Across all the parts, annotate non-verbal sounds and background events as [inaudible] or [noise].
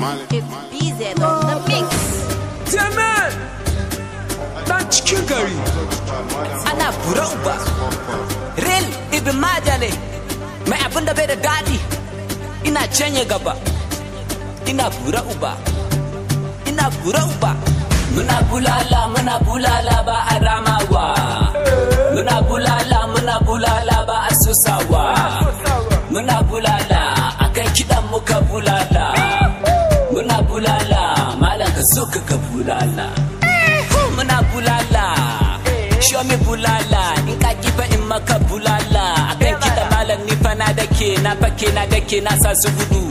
It's BZ on the Ana bura uba. Real ibi Maja ne. Mai abin da bai da daɗi. Ina canye gaba. Ina bura ba, Ina bura ba. Muna bulala, muna bulala ba a ramawa. muka ka bulala muna bulala show me bulala in ka kifa in maka bulala kan kita malam ni fa na ke na fake na ke na sa su gudu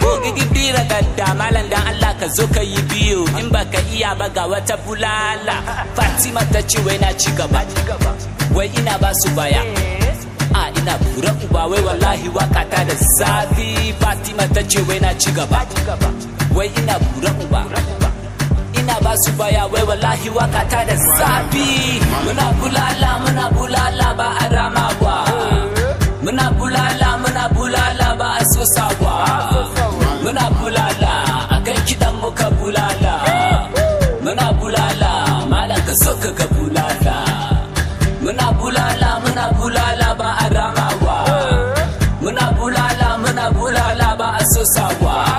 ko bira da da malam dan Allah ka zo ka yi biyo in baka iya ba ga wata bulala Fatima ta ce wai na ci gaba wai ina ba su baya a ina bura uba wai wallahi waka ta da zafi Fatima ta ce wai na ci gaba wai ina bura uba ba su baya wai wallahi waka ta da safi muna bulala muna bulala ba a rama ba muna bulala muna bulala ba a sosa ba muna bulala a kan kidan muka bulala muna bulala malam ka so ka bulala muna bulala muna bulala ba a rama ba muna bulala muna bulala ba a sosa ba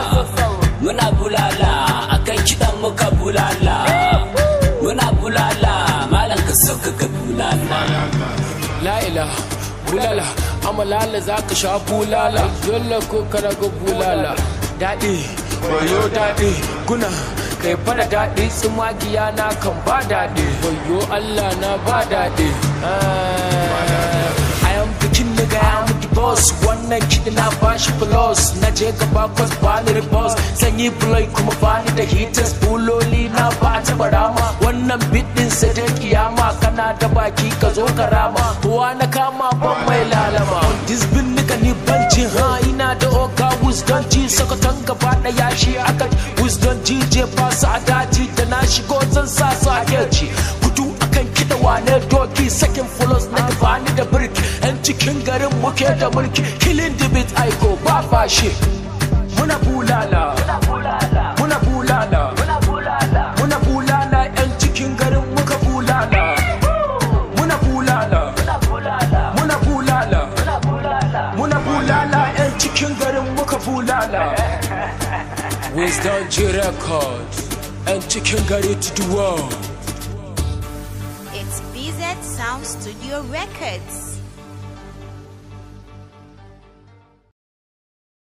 laila bulala amalala za ka sha bulala dole ko karago bulala daɗi wayo daɗi guna kai fara daɗi tsumagiya na kan ba daɗi wayo allah na ba daɗi eh, i am the king nigga wannan kiɗi na bashi plus na je gaba kwas ba ni ribos sanyi buloy kuma ba ni da hitas buloli na ba ta barama wannan bit ɗin sadaki faɗa da baki ka zo ka rama kowa na kama ban mai lalama disbin nika ni banci ha ina da oka oga ji sakatan gaba ɗaya shi aka ji je ba su a daji da na shigo zan sa su a kirci kudu akan kida wane doki sakin fulos na gabani da birki yan cikin garin muke da mulki killing the beat aiko ba fashi muna bulala cikin garin muka bulala [laughs] wisdom ji record and cikin gari to the world it's BZ Sound Studio Records